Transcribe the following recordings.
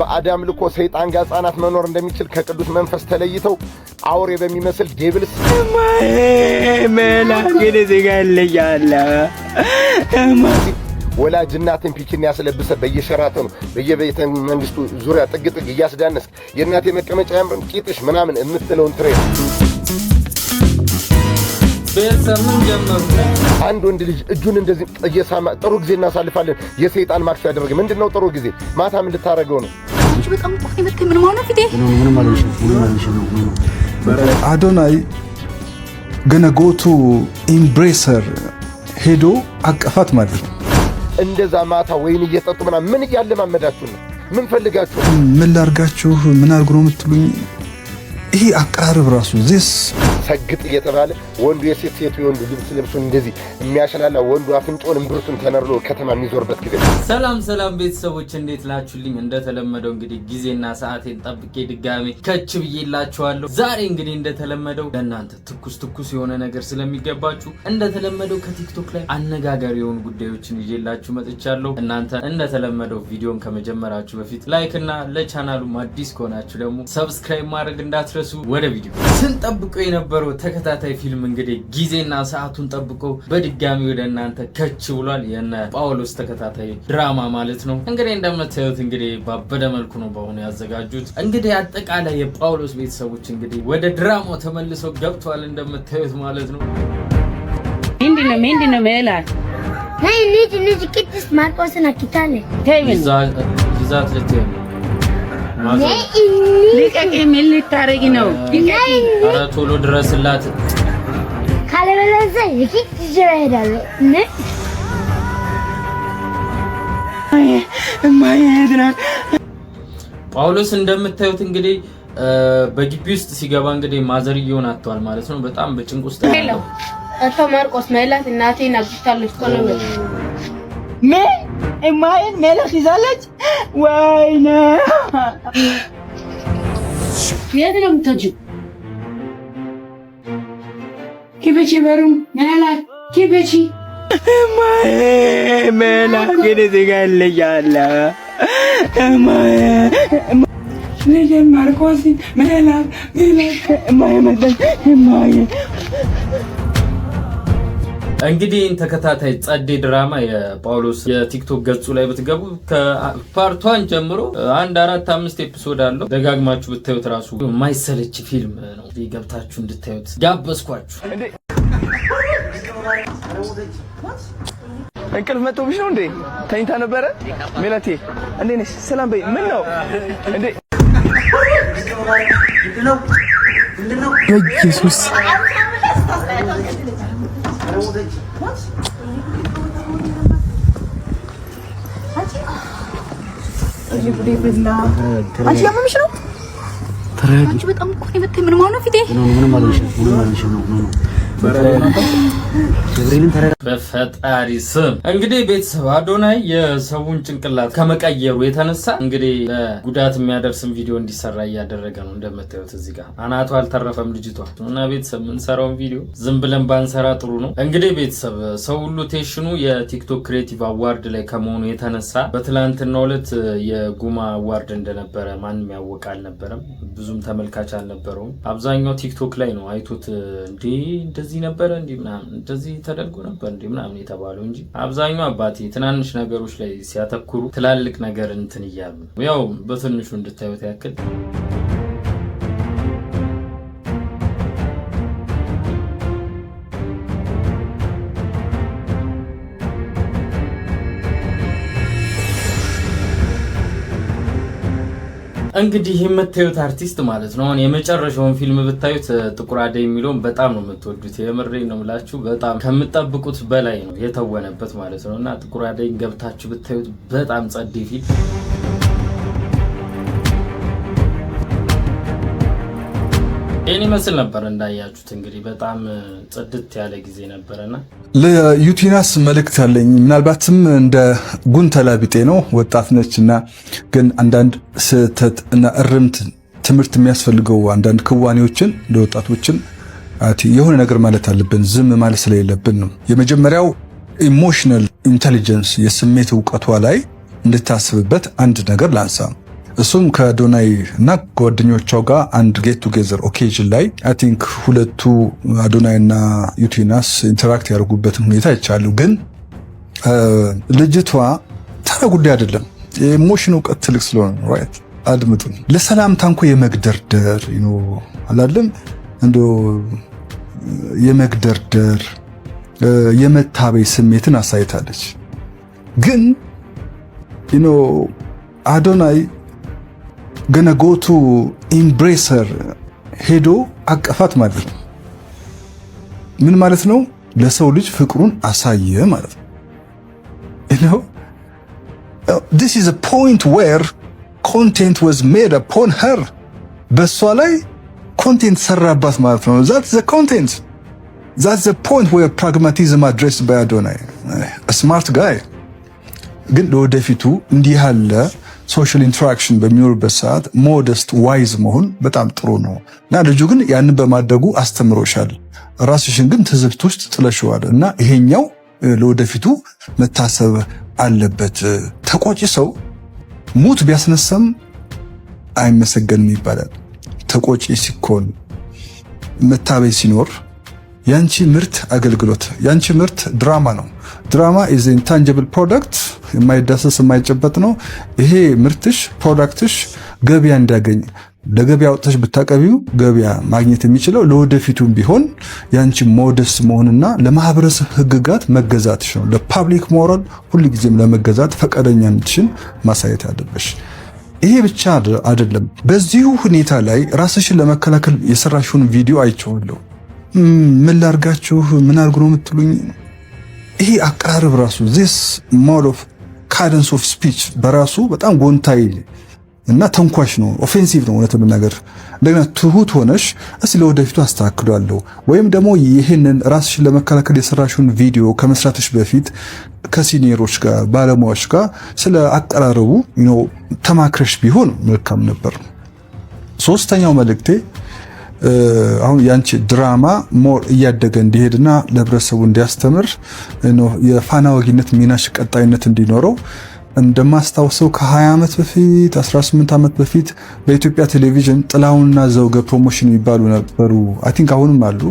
በአዳም ልኮ ሰይጣን ጋር ህጻናት መኖር እንደሚችል ከቅዱስ መንፈስ ተለይተው አውሬ በሚመስል ዴብልስ መላግን ዜጋ ወላጅ እናትን ፒችን ያስለብሰ በየሸራተኑ በየቤተ መንግስቱ ዙሪያ ጥግጥግ እያስዳነስ እያስዳነስክ የእናቴ መቀመጫ ያምርም ቂጥሽ ምናምን የምትለውን ትሬ አንድ ወንድ ልጅ እጁን እንደዚህ እየሳማ ጥሩ ጊዜ እናሳልፋለን። የሰይጣን ማክስ ያደረገ ምንድን ነው? ጥሩ ጊዜ ማታ ምን ልታደርገው ነው? አዶናይ ገነ ጎቱ ኢምብሬሰር ሄዶ አቀፋት ማለት ነው። እንደዛ ማታ ወይን እየጠጡ ምናምን ምን እያለማመዳችሁ ነው? ምን ፈልጋችሁ? ምን ላርጋችሁ? ምን አርግ ነው የምትሉኝ? ይሄ አቀራረብ ራሱ ዚስ ሰግጥ እየተባለ ወንዱ የሴት ሴቱ የወንዱ ልብስ ልብሱን እንደዚህ የሚያሸላላ ወንዱ አፍንጮን እምብርቱን ተነርሎ ከተማ የሚዞርበት ጊዜ። ሰላም ሰላም ቤተሰቦች እንዴት ላችሁልኝ? እንደተለመደው እንግዲህ ጊዜና ሰዓቴን ጠብቄ ድጋሜ ከች ብዬላችኋለሁ። ዛሬ እንግዲህ እንደተለመደው ለእናንተ ትኩስ ትኩስ የሆነ ነገር ስለሚገባችሁ እንደተለመደው ከቲክቶክ ላይ አነጋጋሪ የሆኑ ጉዳዮችን ይዤላችሁ መጥቻለሁ። እናንተ እንደተለመደው ቪዲዮን ከመጀመራችሁ በፊት ላይክ እና ለቻናሉም አዲስ ከሆናችሁ ደግሞ ሰብስክራይብ ማድረግ እንዳትረሱ። ወደ ቪዲዮ ስንጠብቀው የነበረ የነበረው ተከታታይ ፊልም እንግዲህ ጊዜና ሰዓቱን ጠብቆ በድጋሚ ወደ እናንተ ከች ብሏል። የነ ጳውሎስ ተከታታይ ድራማ ማለት ነው። እንግዲህ እንደምታዩት እንግዲህ ባበደ መልኩ ነው በአሁኑ ያዘጋጁት። እንግዲህ አጠቃላይ የጳውሎስ ቤተሰቦች እንግዲህ ወደ ድራማው ተመልሰው ገብተዋል እንደምታዩት ማለት ነው። ምንድነው ሜላት ልጅ ይዛት ልትሄድ ልቀቅ የሚል ልታረጊ ነው። ኧረ ቶሎ ድረስላት፣ ካለበለዚያ ጳውሎስ እንደምታዩት እንግዲህ በግቢ ውስጥ ሲገባ እንግዲህ ማዘርየውን አጥቷል ማለት ነው። በጣም በጭንቅ ውስጥ አቶ ማርቆስ መላት እናቴን አግብታለች። ቆሎ ነው እማዬን መለክ ይዛለች። ወይኔ የት ነው የምትሄጂው? ኪበቺ በሩን መላክ ኪበቺ እማዬ መላክን እዚህ ጋ ልያለ እማዬ ልጄን መላክ መላክ እማዬ መጣች እማዬ እንግዲህ ተከታታይ ጸዴ ድራማ የጳውሎስ የቲክቶክ ገጹ ላይ ብትገቡ ከፓርቷን ጀምሮ አንድ አራት አምስት ኤፒሶድ አለው። ደጋግማችሁ ብታዩት ራሱ የማይሰለች ፊልም ነው። ገብታችሁ እንድታዩት ጋበዝኳችሁ። እንቅልፍ መጥቶብሽ ነው እንዴ? ተኝታ ነበረ ሜላቴ? እንዴ ነሽ? ሰላም በይ። ምን ነው እንዴ? በኢየሱስ አንቺ ያመምሽ ነው በፈጣሪ ስም እንግዲህ ቤተሰብ አዶናይ የሰውን ጭንቅላት ከመቀየሩ የተነሳ እንግዲህ ጉዳት የሚያደርስን ቪዲዮ እንዲሰራ እያደረገ ነው። እንደምታዩት እዚህ ጋር አናቱ አልተረፈም ልጅቷ እና ቤተሰብ የምንሰራውን ቪዲዮ ዝም ብለን ባንሰራ ጥሩ ነው። እንግዲህ ቤተሰብ ሰው ሁሉ ቴሽኑ የቲክቶክ ክሬቲቭ አዋርድ ላይ ከመሆኑ የተነሳ በትላንትናው ዕለት የጉማ አዋርድ እንደነበረ ማንም ያወቅ አልነበረም ብዙ ብዙም ተመልካች አልነበረውም። አብዛኛው ቲክቶክ ላይ ነው አይቶት እንዴ እንደዚህ ነበረ እንዲ ምናምን እንደዚህ ተደርጎ ነበር እንዲ ምናምን የተባለው እንጂ አብዛኛው አባቴ ትናንሽ ነገሮች ላይ ሲያተኩሩ ትላልቅ ነገር እንትን እያሉ ያው በትንሹ እንድታዩት ያክል እንግዲህ የምታዩት አርቲስት ማለት ነው። አሁን የመጨረሻውን ፊልም ብታዩት ጥቁር አደይ የሚለውን በጣም ነው የምትወዱት። የምሬ ነው ምላችሁ በጣም ከምጠብቁት በላይ ነው የተወነበት ማለት ነው እና ጥቁር አደይን ገብታችሁ ብታዩት በጣም ጸዴ ፊልም ይህን ይመስል ነበር። እንዳያችሁት እንግዲህ በጣም ጽድት ያለ ጊዜ ነበረና ለዩቲናስ መልእክት አለኝ። ምናልባትም እንደ ጉንተላቢጤ ነው፣ ወጣት ነች እና ግን አንዳንድ ስህተት እና እርምት ትምህርት የሚያስፈልገው አንዳንድ ክዋኔዎችን ለወጣቶችን የሆነ ነገር ማለት አለብን፣ ዝም ማለት ስለሌለብን ነው። የመጀመሪያው ኢሞሽናል ኢንቴሊጀንስ የስሜት እውቀቷ ላይ እንድታስብበት አንድ ነገር ላንሳ እሱም ከዶናይ እና ጓደኞቿ ጋር አንድ ጌት ቱጌዘር ኦኬዥን ላይ አይ ቲንክ ሁለቱ አዶናይ እና ዩቲናስ ኢንተራክት ያደርጉበትን ሁኔታ ይቻሉ። ግን ልጅቷ ተራ ጉዳይ አይደለም። የኢሞሽን እውቀት ትልቅ ስለሆነ ራይት አድምጡ። ለሰላምታ እንኳ የመግደርደር አላለም እንዶ የመግደርደር የመታበይ ስሜትን አሳይታለች። ግን አዶናይ ገነጎቱ ኢምብሬሰር ሄዶ አቀፋት ማለት ነው። ምን ማለት ነው? ለሰው ልጅ ፍቅሩን አሳየ ማለት ነው። ዲስ ኢዝ ፖይንት ዌር ኮንቴንት ወዝ ሜድ አፖን ሄር በእሷ ላይ ኮንቴንት ሰራባት ማለት ነው። ዛት ዘ ኮንቴንት ዛት ዘ ፖይንት ዌር ፕራግማቲዝም አድሬስ ባይ አዶናይ ስማርት ጋይ ግን ለወደፊቱ እንዲህ ያለ ሶሻል ኢንተራክሽን በሚኖርበት ሰዓት ሞደስት ዋይዝ መሆን በጣም ጥሩ ነው እና ልጁ ግን ያንን በማደጉ አስተምሮሻል። ራስሽን ግን ትዝብት ውስጥ ጥለሽዋል እና ይሄኛው ለወደፊቱ መታሰብ አለበት። ተቆጪ ሰው ሙት ቢያስነሳም አይመሰገንም ይባላል። ተቆጪ ሲኮን መታበይ ሲኖር ያንቺ ምርት አገልግሎት፣ ያንቺ ምርት ድራማ ነው። ድራማ ኢዝ ኢንታንጅብል ፕሮዳክት፣ የማይዳሰስ የማይጨበጥ ነው። ይሄ ምርትሽ ፕሮዳክትሽ ገበያ እንዲያገኝ ለገበያ ወጥተሽ ብታቀቢው ገበያ ማግኘት የሚችለው ለወደፊቱም ቢሆን ያንቺ ሞደስ መሆንና ለማህበረሰብ ህግጋት መገዛትሽ ነው። ለፓብሊክ ሞራል ሁልጊዜም ለመገዛት ፈቃደኛነትሽን ማሳየት ያለበሽ። ይሄ ብቻ አይደለም። በዚሁ ሁኔታ ላይ ራስሽን ለመከላከል የሰራሽውን ቪዲዮ አይቼዋለሁ። ምን ላርጋችሁ፣ ምን አርጉ ነው የምትሉኝ? ይሄ አቀራረብ ራሱ ዚስ ሞድ ኦፍ ካደንስ ኦፍ ስፒች በራሱ በጣም ጎንታይ እና ተንኳሽ ነው፣ ኦፌንሲቭ ነው። እውነቱን ነገር እንደገና ትሁት ሆነሽ እስ ለወደፊቱ አስተካክሏለሁ ወይም ደግሞ ይህንን ራስሽን ለመከላከል የሰራሽውን ቪዲዮ ከመስራትሽ በፊት ከሲኒየሮች ጋር ባለሙያዎች ጋር ስለ አቀራረቡ ተማክረሽ ቢሆን መልካም ነበር። ሶስተኛው መልእክቴ አሁን ያንቺ ድራማ ሞር እያደገ እንዲሄድና ለህብረተሰቡ እንዲያስተምር የፋና ወጊነት ሚናሽ ቀጣይነት እንዲኖረው እንደማስታውሰው ከ20 ዓመት በፊት 18 ዓመት በፊት በኢትዮጵያ ቴሌቪዥን ጥላሁንና ዘውገ ፕሮሞሽን የሚባሉ ነበሩ። አይ ቲንክ አሁንም አሉ።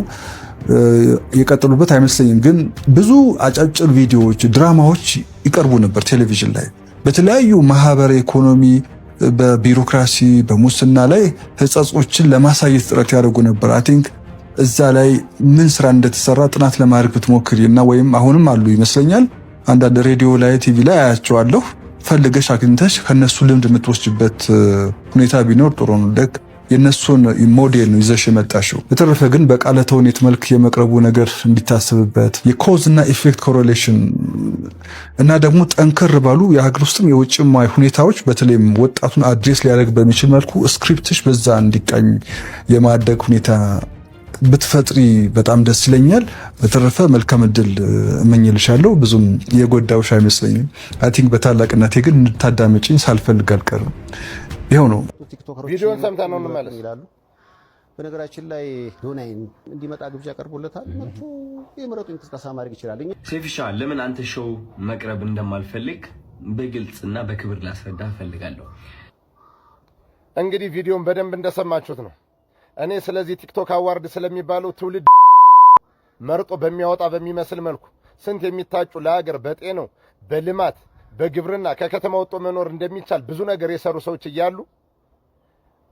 የቀጠሉበት አይመስለኝም። ግን ብዙ አጫጭር ቪዲዮዎች፣ ድራማዎች ይቀርቡ ነበር ቴሌቪዥን ላይ በተለያዩ ማህበረ ኢኮኖሚ በቢሮክራሲ በሙስና ላይ ህጸጾችን ለማሳየት ጥረት ያደርጉ ነበር። አይ ቲንክ እዛ ላይ ምን ስራ እንደተሰራ ጥናት ለማድረግ ብትሞክሪ እና ወይም አሁንም አሉ ይመስለኛል አንዳንድ ሬዲዮ ላይ ቲቪ ላይ አያቸዋለሁ። ፈልገሽ አግኝተሽ ከነሱ ልምድ የምትወስጅበት ሁኔታ ቢኖር ጥሩ ነው። የእነሱን ሞዴል ነው ይዘሽ የመጣሽው። በተረፈ ግን በቃለ ተውኔት መልክ የመቅረቡ ነገር እንዲታስብበት የኮዝ እና ኢፌክት ኮሮሌሽን እና ደግሞ ጠንከር ባሉ የሀገር ውስጥም የውጭም ሁኔታዎች በተለይም ወጣቱን አድሬስ ሊያደርግ በሚችል መልኩ ስክሪፕትሽ በዛ እንዲቃኝ የማደግ ሁኔታ ብትፈጥሪ በጣም ደስ ይለኛል። በተረፈ መልካም እድል እመኝልሻለሁ። ብዙም የጎዳውሽ አይመስለኝም። አይ ቲንክ በታላቅነቴ ግን እንድታዳመጭኝ ሳልፈልግ አልቀርም። ይኸው ነው። ቪዲዮን ሰምተን ነው እንመለስ ይላሉ። በነገራችን ላይ ዶናይን እንዲመጣ ግብዣ ቀርቦለታል። መጥቶ የምረጡ እንቅስቃሴ ማድረግ ይችላል። ሴፊሻ ለምን አንተ ሾው መቅረብ እንደማልፈልግ በግልጽና በክብር ላስረዳ እፈልጋለሁ። እንግዲህ ቪዲዮን በደንብ እንደሰማችሁት ነው። እኔ ስለዚህ ቲክቶክ አዋርድ ስለሚባለው ትውልድ መርጦ በሚያወጣ በሚመስል መልኩ ስንት የሚታጩ ለሀገር በጤነው በልማት በግብርና ከከተማ ወጥቶ መኖር እንደሚቻል ብዙ ነገር የሰሩ ሰዎች እያሉ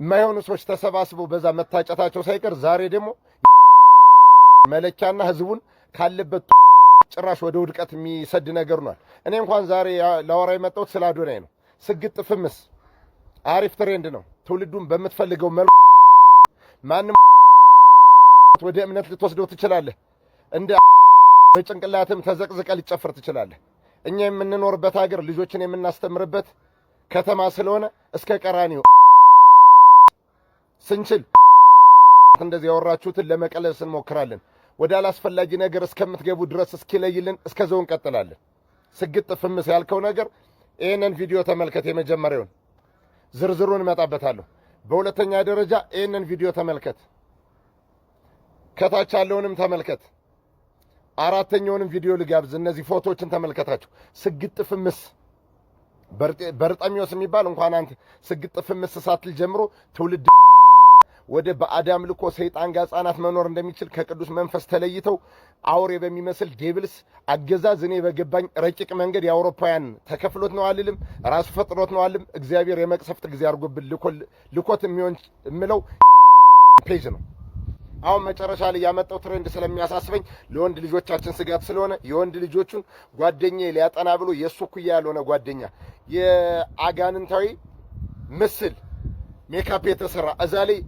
የማይሆኑ ሰዎች ተሰባስበው በዛ መታጨታቸው ሳይቀር ዛሬ ደግሞ መለኪያና ህዝቡን ካለበት ጭራሽ ወደ ውድቀት የሚሰድ ነገር ኗል። እኔ እንኳን ዛሬ ላወራ የመጣሁት ስለ አዶናይ ነው። ስግጥ ፍምስ አሪፍ ትሬንድ ነው። ትውልዱን በምትፈልገው መልኩ ማንም ወደ እምነት ልትወስደው ትችላለህ። እንደ በጭንቅላትም ተዘቅዝቀ ሊጨፍር ትችላለህ። እኛ የምንኖርበት ሀገር ልጆችን የምናስተምርበት ከተማ ስለሆነ እስከ ቀራኒው ስንችል እንደዚህ ያወራችሁትን ለመቀለስ እንሞክራለን። ወደ አላስፈላጊ ነገር እስከምትገቡ ድረስ እስኪለይልን እስከዛው እንቀጥላለን። ስግጥ ፍምስ ያልከው ነገር ይህንን ቪዲዮ ተመልከት። የመጀመሪያውን ዝርዝሩን እመጣበታለሁ። በሁለተኛ ደረጃ ይህንን ቪዲዮ ተመልከት። ከታች ያለውንም ተመልከት። አራተኛውንም ቪዲዮ ልጋብዝ። እነዚህ ፎቶዎችን ተመልከታችሁ ስግጥ ፍምስ በርጠሚዎስ የሚባል እንኳን አንተ ስግጥ ፍምስ ሳትል ጀምሮ ትውልድ ወደ በአዳም ልኮ ሰይጣን ጋር ህጻናት መኖር እንደሚችል ከቅዱስ መንፈስ ተለይተው አውሬ በሚመስል ዴብልስ አገዛዝ እኔ በገባኝ ረቂቅ መንገድ የአውሮፓውያን ተከፍሎት ነው አልልም፣ ራሱ ፈጥሮት ነው አልልም። እግዚአብሔር የመቅሰፍት ጊዜ አድርጎብን ልኮት የሚሆን የምለው ፔጅ ነው። አሁን መጨረሻ ላይ ያመጣው ትሬንድ ስለሚያሳስበኝ ለወንድ ልጆቻችን ስጋት ስለሆነ የወንድ ልጆቹን ጓደኛ ሊያጠና ብሎ የእሱ ኩያ ያልሆነ ጓደኛ የአጋንንታዊ ምስል ሜካፕ የተሰራ እዛ ላይ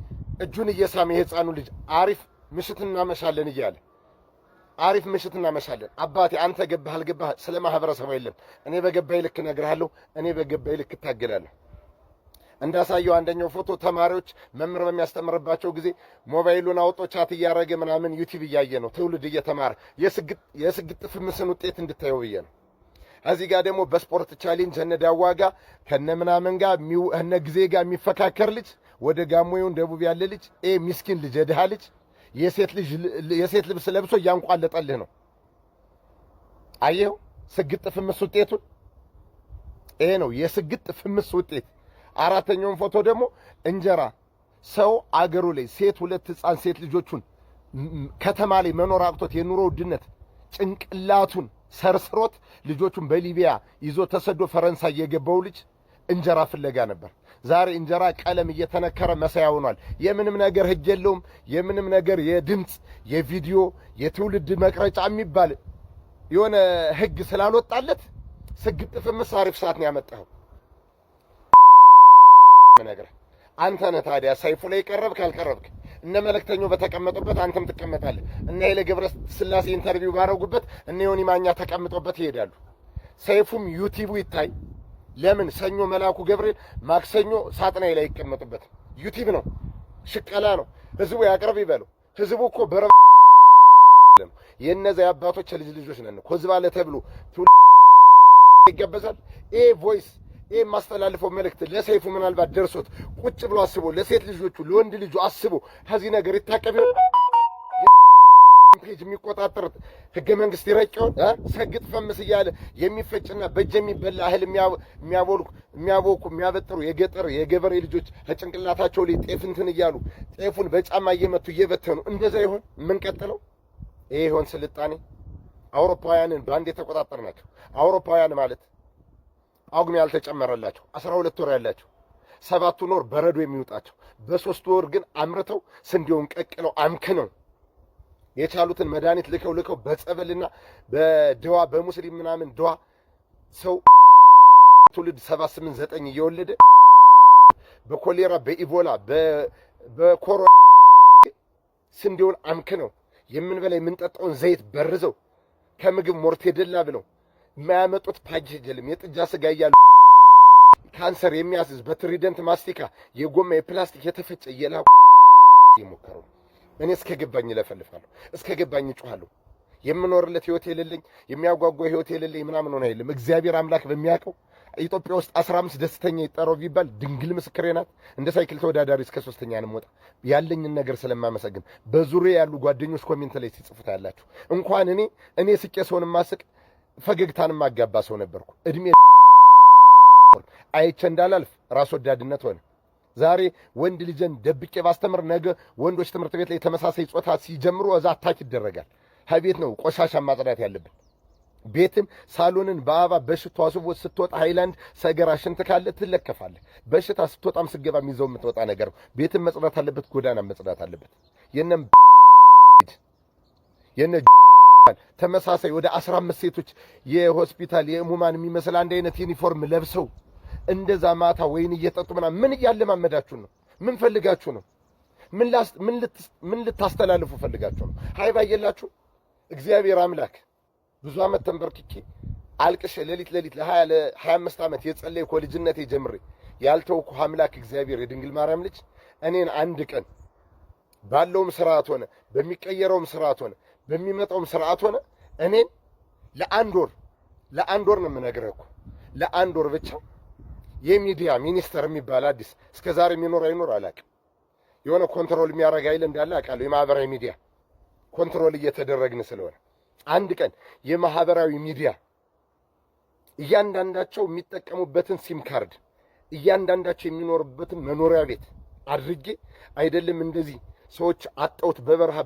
እጁን እየሳመ የህፃኑ ልጅ አሪፍ ምሽት እናመሻለን እያለ አሪፍ ምሽት እናመሻለን። አባቴ አንተ ገባህ አልገባህ ስለ ማህበረሰቡ የለም። እኔ በገባይ ልክ እነግርሃለሁ። እኔ በገባይ ልክ እታገላለሁ። እንዳሳየው አንደኛው ፎቶ ተማሪዎች መምህር በሚያስተምርባቸው ጊዜ ሞባይሉን አውጦ ቻት እያደረገ ምናምን ዩቲብ እያየ ነው ትውልድ እየተማረ የስግጥ ፍምስን ውጤት እንድታየው ብዬ ነው። እዚህ ጋር ደግሞ በስፖርት ቻሌንጅ እነ ዳዋ ጋ ከነ ምናምን ጋር እነ ጊዜ ጋር የሚፈካከር ልጅ ወደ ጋሞዩን ደቡብ ያለ ልጅ ኤ ሚስኪን ልጅ የድሃ ልጅ የሴት ልብስ ለብሶ እያንቋለጠልህ ነው። አየው ስግጥ ፍምስ ውጤቱን። ይሄ ነው የስግጥ ፍምስ ውጤት። አራተኛውን ፎቶ ደግሞ እንጀራ ሰው አገሩ ላይ ሴት ሁለት ህፃን ሴት ልጆቹን ከተማ ላይ መኖር አቅቶት የኑሮ ውድነት ጭንቅላቱን ሰርስሮት ልጆቹን በሊቢያ ይዞ ተሰዶ ፈረንሳይ የገባው ልጅ እንጀራ ፍለጋ ነበር። ዛሬ እንጀራ ቀለም እየተነከረ መሳያ ሆኗል። የምንም ነገር ህግ የለውም። የምንም ነገር የድምፅ የቪዲዮ የትውልድ መቅረጫ የሚባል የሆነ ህግ ስላልወጣለት ስግጥፍ ምሳሪፍ ሰዓት ነው ያመጣኸው። ምነግረ አንተ ነህ ታዲያ ሰይፉ ላይ ቀረብክ አልቀረብክ፣ እነ መለክተኛው በተቀመጡበት አንተም ትቀመጣለህ። እነ ኃይለ ገብረ ስላሴ ኢንተርቪው ባረጉበት እነ ዮኒ ማኛ ተቀምጦበት ይሄዳሉ። ሰይፉም ዩቲቡ ይታይ። ለምን ሰኞ መልአኩ ገብርኤል ማክሰኞ ሳጥናይ ላይ ይቀመጡበት። ዩቲብ ነው፣ ሽቀላ ነው። ህዝቡ ያቅርብ ይበሉ። ህዝቡ እኮ በረ የእነዚያ አባቶች ልጅ ልጆች ነን እኮ ህዝብ አለ ተብሎ ይገበዛል። ኤ ቮይስ ይህ የማስተላልፈው መልእክት ለሰይፉ ምናልባት ደርሶት ቁጭ ብሎ አስቦ ለሴት ልጆቹ ለወንድ ልጁ አስቦ ከዚህ ነገር ይታቀብ ፔጅ የሚቆጣጠር ህገ መንግስት ይረቂውን ሰግጥ ፈምስ እያለ የሚፈጭና በእጅ የሚበላ እህል የሚያቦልኩ የሚያቦኩ የሚያበጥሩ የገጠር የገበሬ ልጆች ከጭንቅላታቸው ላይ ጤፍ እንትን እያሉ ጤፉን በጫማ እየመቱ እየበተኑ እንደዛ ይሆን የምንቀጥለው? ይሄ ይሆን ስልጣኔ? አውሮፓውያንን በአንድ የተቆጣጠር ናቸው። አውሮፓውያን ማለት ጳጉሜ ያልተጨመረላቸው አስራ ሁለት ወር ያላቸው ሰባቱን ወር በረዶ የሚወጣቸው በሶስት ወር ግን አምርተው ስንዴውን ቀቅለው ነው። የቻሉትን መድኃኒት ልከው ልከው በጸበልና በድዋ በሙስሊም ምናምን ድዋ ሰው ትውልድ ሰባት ስምንት ዘጠኝ እየወለደ በኮሌራ በኢቦላ በኮሮ ስንዴውን ነው። የምንበላ የምንጠጣውን ዘይት በርዘው ከምግብ ሞርቴደላ ብለው የማያመጡት ፓኬጅ የለም። የጥጃ ስጋ እያሉ ካንሰር የሚያስዝ በትሪደንት ማስቲካ የጎማ የፕላስቲክ የተፈጨ እየላኩ የሞከረው እኔ እስከ ገባኝ እለፈልፋለሁ፣ እስከ ገባኝ እጮኋለሁ። የምኖርለት ህይወት የሌለኝ የሚያጓጓ ህይወት የሌለኝ ምናምን ሆነ የለም። እግዚአብሔር አምላክ በሚያውቀው ኢትዮጵያ ውስጥ አስራ አምስት ደስተኛ ይጠራው ቢባል ድንግል ምስክሬ ናት። እንደ ሳይክል ተወዳዳሪ እስከ ሶስተኛ እንሞጣ ያለኝን ነገር ስለማመሰግን በዙሪያ ያሉ ጓደኞች ኮሜንት ላይ ሲጽፉታ ያላችሁ እንኳን እኔ እኔ ስቄ ሰውን ማስቅ ፈገግታን ማጋባ ሰው ነበርኩ። እድሜ አይቼ እንዳላልፍ ራስ ወዳድነት ሆነ። ዛሬ ወንድ ልጅን ደብቄ ባስተምር ነገ ወንዶች ትምህርት ቤት ላይ ተመሳሳይ ጾታ ሲጀምሩ እዛ አታች ይደረጋል። ከቤት ነው ቆሻሻ ማጽዳት ያለብን። ቤትን ሳሎንን በአበባ በሽቶ አስቦ ስትወጣ ሃይላንድ ሰገራ ሽንት ካለ ትለከፋለህ። በሽታ ስትወጣም ስገባ የሚዘው የምትወጣ ነገር ነው። ቤትን መጽዳት አለበት፣ ጎዳና መጽዳት አለበት። የነም የነ ተመሳሳይ ወደ አስራ አምስት ሴቶች የሆስፒታል የእሙማን የሚመስል አንድ አይነት ዩኒፎርም ለብሰው እንደዛ ማታ ወይን እየጠጡ ምናምን ምን እያለማመዳችሁ ነው? ምን ፈልጋችሁ ነው? ምን ልታስተላልፉ ፈልጋችሁ ነው? ሀይባ እየላችሁ እግዚአብሔር አምላክ ብዙ ዓመት ተንበርክኬ አልቅሼ ሌሊት ሌሊት ለሀያ አምስት ዓመት የጸለይኩ ከልጅነቴ ጀምሬ ያልተውኩ አምላክ እግዚአብሔር የድንግል ማርያም ልጅ እኔን አንድ ቀን ባለውም ስርዓት ሆነ በሚቀየረውም ስርዓት ሆነ በሚመጣውም ስርዓት ሆነ እኔም ለአንድ ወር ለአንድ ወር ነው የምነግርህ እኮ ለአንድ ወር ብቻ የሚዲያ ሚኒስተር የሚባል አዲስ እስከ ዛሬ የሚኖር አይኖር አላውቅም። የሆነ ኮንትሮል የሚያደርግ አይል እንዳለ አውቃለሁ። የማህበራዊ ሚዲያ ኮንትሮል እየተደረግን ስለሆነ አንድ ቀን የማህበራዊ ሚዲያ እያንዳንዳቸው የሚጠቀሙበትን ሲም ካርድ እያንዳንዳቸው የሚኖርበትን መኖሪያ ቤት አድርጌ አይደለም እንደዚህ ሰዎች አጠውት በበረሃ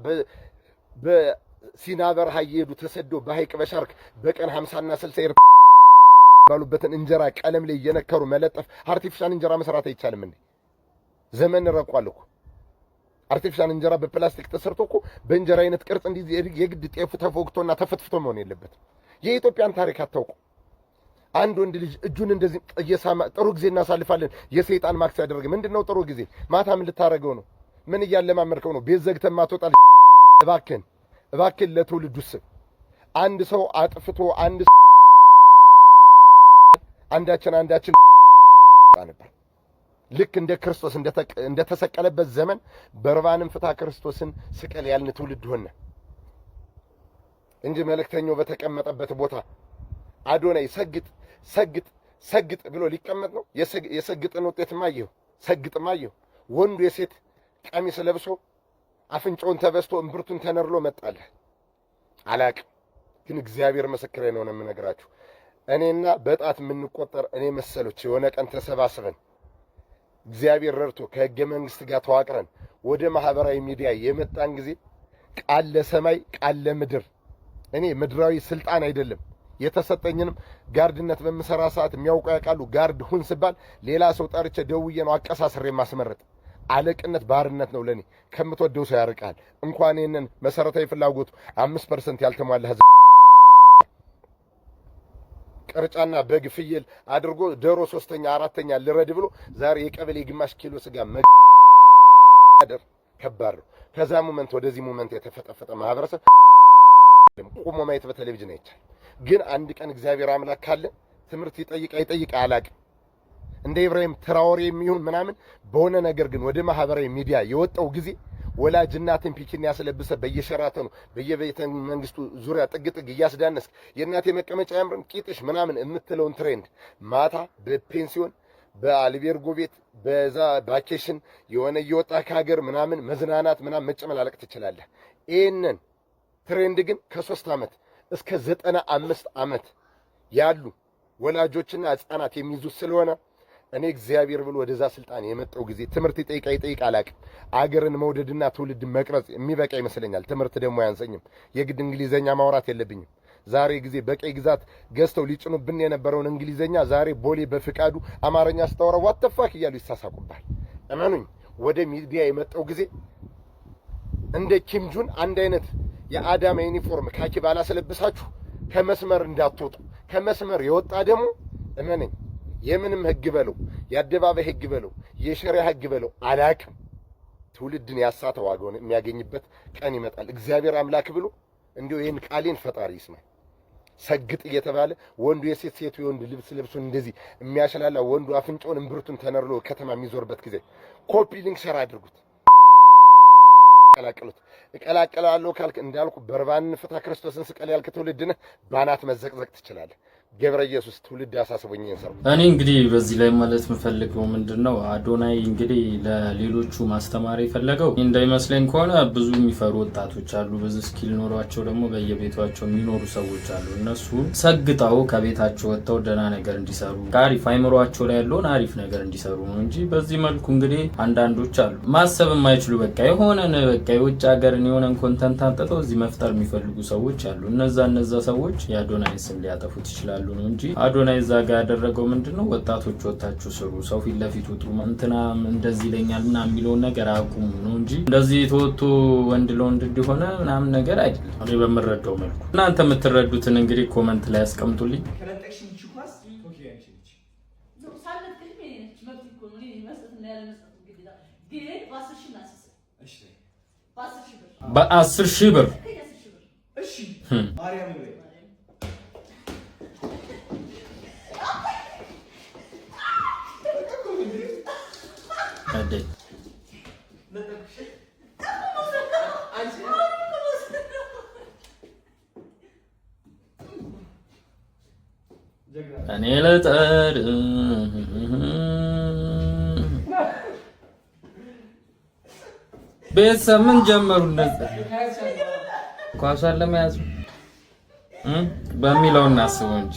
ሲና በረሃ እየሄዱ ተሰደው በሐይቅ በሻርክ በቀን ሀምሳና ስልሳ ይር ባሉበትን እንጀራ ቀለም ላይ እየነከሩ መለጠፍ። አርቲፊሻል እንጀራ መስራት አይቻልም እንዴ? ዘመን ረቋል እኮ። አርቲፊሻል እንጀራ በፕላስቲክ ተሰርቶ እኮ በእንጀራ አይነት ቅርጽ እንዲህ የግድ ጤፉ ተፎክቶና ተፈትፍቶ መሆን የለበትም። የኢትዮጵያን ታሪክ አታውቁ። አንድ ወንድ ልጅ እጁን እንደዚህ እየሳማ ጥሩ ጊዜ እናሳልፋለን። የሰይጣን ማክስ ያደረገ ምንድን ነው? ጥሩ ጊዜ ማታ ምን ልታደረገው ነው? ምን እያለማመድከው ነው? ቤት ዘግተን ማትወጣል እባክህን እባክን ለትውልዱ ስም አንድ ሰው አጥፍቶ አንድ አንዳችን አንዳችን ነበር። ልክ እንደ ክርስቶስ እንደተሰቀለበት ዘመን በርባንም ፍታ ክርስቶስን ስቀል ያልን ትውልድ ሆነ እንጂ መልእክተኛው በተቀመጠበት ቦታ አዶናይ ሰግጥ ሰግጥ ሰግጥ ብሎ ሊቀመጥ ነው። የሰግጥን ውጤትማ አየሁ። ሰግጥማ አየሁ። ወንዱ የሴት ቀሚስ ለብሶ አፍንጫውን ተበስቶ እምብርቱን ተነርሎ መጣለ። አላቅ ግን እግዚአብሔር መሰክሬ ነው ነው የምነግራችሁ። እኔና በጣት የምንቆጠር እኔ መሰሎች የሆነ ቀን ተሰባስበን እግዚአብሔር ረድቶ ከህገ መንግስት ጋር ተዋቅረን ወደ ማህበራዊ ሚዲያ የመጣን ጊዜ ቃል ለሰማይ ቃል ለምድር እኔ ምድራዊ ስልጣን አይደለም የተሰጠኝንም ጋርድነት በምሰራ ሰዓት የሚያውቁ ያውቃሉ። ጋርድ ሁን ስባል ሌላ ሰው ጠርቼ ደውዬ ነው አቀሳስሬ ማስመረጥ አለቅነት ባርነት ነው። ለእኔ ከምትወደው ሰው ያርቃል። እንኳን ይህንን መሰረታዊ ፍላጎቱ አምስት ፐርሰንት ያልተሟላ ህዝብ ቅርጫና በግ ፍየል አድርጎ ዶሮ ሶስተኛ አራተኛ ልረድ ብሎ ዛሬ የቀበሌ ግማሽ ኪሎ ስጋ መደር ከባድ ነው። ከዛ ሞመንት ወደዚህ ሞመንት የተፈጠፈጠ ማህበረሰብ ቁሞ ማየት በቴሌቪዥን አይቻል። ግን አንድ ቀን እግዚአብሔር አምላክ ካለ ትምህርት ይጠይቅ አይጠይቅ አላቅም። እንደ ኢብራሂም ትራወር የሚሆን ምናምን በሆነ ነገር ግን ወደ ማህበራዊ ሚዲያ የወጣው ጊዜ ወላጅ እናትን ፒችን ያስለብሰ በየሸራተኑ በየቤተ መንግስቱ ዙሪያ ጥግጥግ እያስዳነስክ የእናቴ መቀመጫ ያምርም ቂጥሽ ምናምን የምትለውን ትሬንድ ማታ በፔንሲዮን በአልቤርጎ ቤት በዛ ቫኬሽን የሆነ እየወጣ ከሀገር ምናምን መዝናናት ምናምን መጨመላለቅ ትችላለህ። ይህንን ትሬንድ ግን ከሶስት ዓመት እስከ ዘጠና አምስት ዓመት ያሉ ወላጆችና ህጻናት የሚይዙት ስለሆነ እኔ እግዚአብሔር ብሎ ወደዛ ስልጣን የመጣው ጊዜ ትምህርት ይጠይቃ ይጠይቅ አላቅም። አገርን መውደድና ትውልድ መቅረጽ የሚበቃ ይመስለኛል። ትምህርት ደግሞ አያንሰኝም። የግድ እንግሊዘኛ ማውራት የለብኝም። ዛሬ ጊዜ በቀይ ግዛት ገዝተው ሊጭኑብን የነበረውን እንግሊዘኛ ዛሬ ቦሌ በፍቃዱ አማርኛ ስታወራ ዋተፋክ እያሉ ይሳሳቁባል። እመኑኝ፣ ወደ ሚዲያ የመጣው ጊዜ እንደ ኪምጁን አንድ አይነት የአዳማ ዩኒፎርም ካኪ ባላስለብሳችሁ ከመስመር እንዳትወጡ። ከመስመር የወጣ ደግሞ እመነኝ የምንም ህግ በለው የአደባባይ ህግ በለው የሸሪያ ህግ በለው አላክም ትውልድን ያሳተ ዋጋውን የሚያገኝበት ቀን ይመጣል። እግዚአብሔር አምላክ ብሎ እንዲሁ ይህን ቃሌን ፈጣሪ ይስማል። ሰግጥ እየተባለ ወንዱ የሴት ሴቱ የወንድ ልብስ ልብሱን እንደዚህ የሚያሸላላ ወንዱ አፍንጮን እምብርቱን ተነርሎ ከተማ የሚዞርበት ጊዜ ኮፒ ሊንክ ሸር አድርጉት፣ ቀላቅሉት። እቀላቀላለሁ ካልክ እንዳልኩ በርባን ፍታ ክርስቶስን ስቀል ያልክ ትውልድነህ ባናት መዘቅዘቅ ትችላለህ። ገብረ ኢየሱስ ትውልድ አሳስቦኝ ሰው እኔ እንግዲህ በዚህ ላይ ማለት የምፈልገው ምንድን ነው፣ አዶናይ እንግዲህ ለሌሎቹ ማስተማር የፈለገው እንዳይመስለኝ ከሆነ ብዙ የሚፈሩ ወጣቶች አሉ። ብዙ ስኪል ኖሯቸው ደግሞ በየቤቷቸው የሚኖሩ ሰዎች አሉ። እነሱ ሰግጠው ከቤታቸው ወጥተው ደህና ነገር እንዲሰሩ ከአሪፍ አይምሯቸው ላይ ያለውን አሪፍ ነገር እንዲሰሩ ነው እንጂ በዚህ መልኩ እንግዲህ አንዳንዶች አሉ ማሰብ የማይችሉ በቃ የሆነን በቃ የውጭ ሀገርን የሆነን ኮንተንት አንጥተው እዚህ መፍጠር የሚፈልጉ ሰዎች አሉ። እነዛ እነዛ ሰዎች የአዶናይን ስም ሊያጠፉት ይችላሉ። ስላሉ ነው እንጂ አዶናይ እዛ ጋር ያደረገው ምንድን ነው? ወጣቶች ወታችሁ ስሩ፣ ሰው ፊት ለፊት ውጡ፣ እንትና እንደዚህ ይለኛል ምናምን የሚለውን ነገር አቁሙ ነው እንጂ እንደዚህ ተወጥቶ ወንድ ለወንድ እንዲሆነ ምናምን ነገር አይደለም። እኔ በምረዳው መልኩ እናንተ የምትረዱትን እንግዲህ ኮመንት ላይ ያስቀምጡልኝ። በአስር ሺህ ብር እኔ ልጠር ቤተሰብ ምን ጀመሩ? እንደዚያ ኳሷን ለመያዝ በሚለው እናስበው እንጂ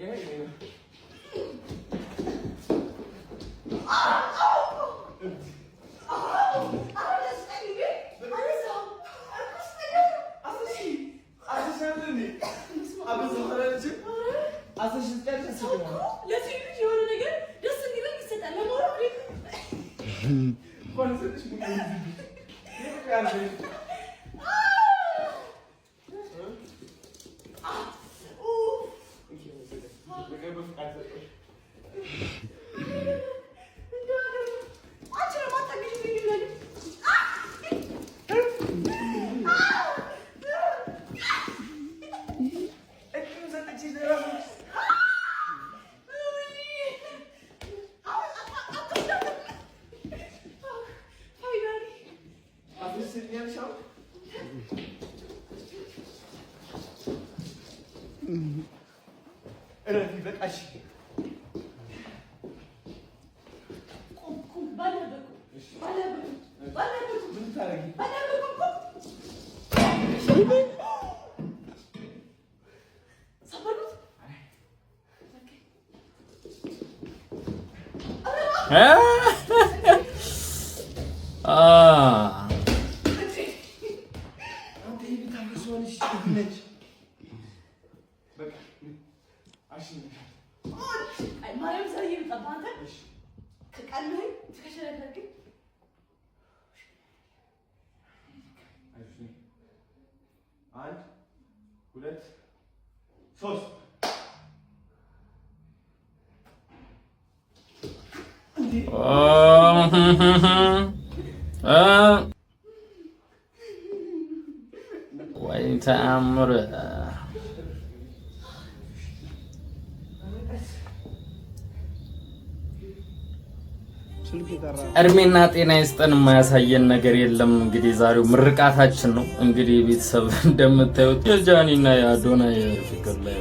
get you. What is it? Amen. Sabarut. Okay. Ah! ወይ ተአምር እድሜና ጤና ይስጠን። የማያሳየን ነገር የለም። እንግዲህ ዛሬው ምርቃታችን ነው። እንግዲህ ቤተሰብ እንደምታዩት የጃኒና የአዶና የፍቅር ላይ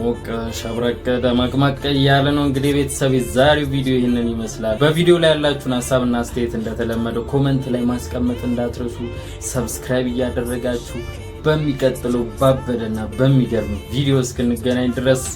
ሞቀ፣ ሸብረቀ ደመቅመቅ እያለ ነው እንግዲህ ቤተሰብ፣ የዛሬው ቪዲዮ ይህንን ይመስላል። በቪዲዮ ላይ ያላችሁን ሀሳብና አስተያየት እንደተለመደው ኮመንት ላይ ማስቀመጥ እንዳትረሱ፣ ሰብስክራይብ እያደረጋችሁ በሚቀጥለው ባበደና በሚገርም ቪዲዮ እስክንገናኝ ድረስ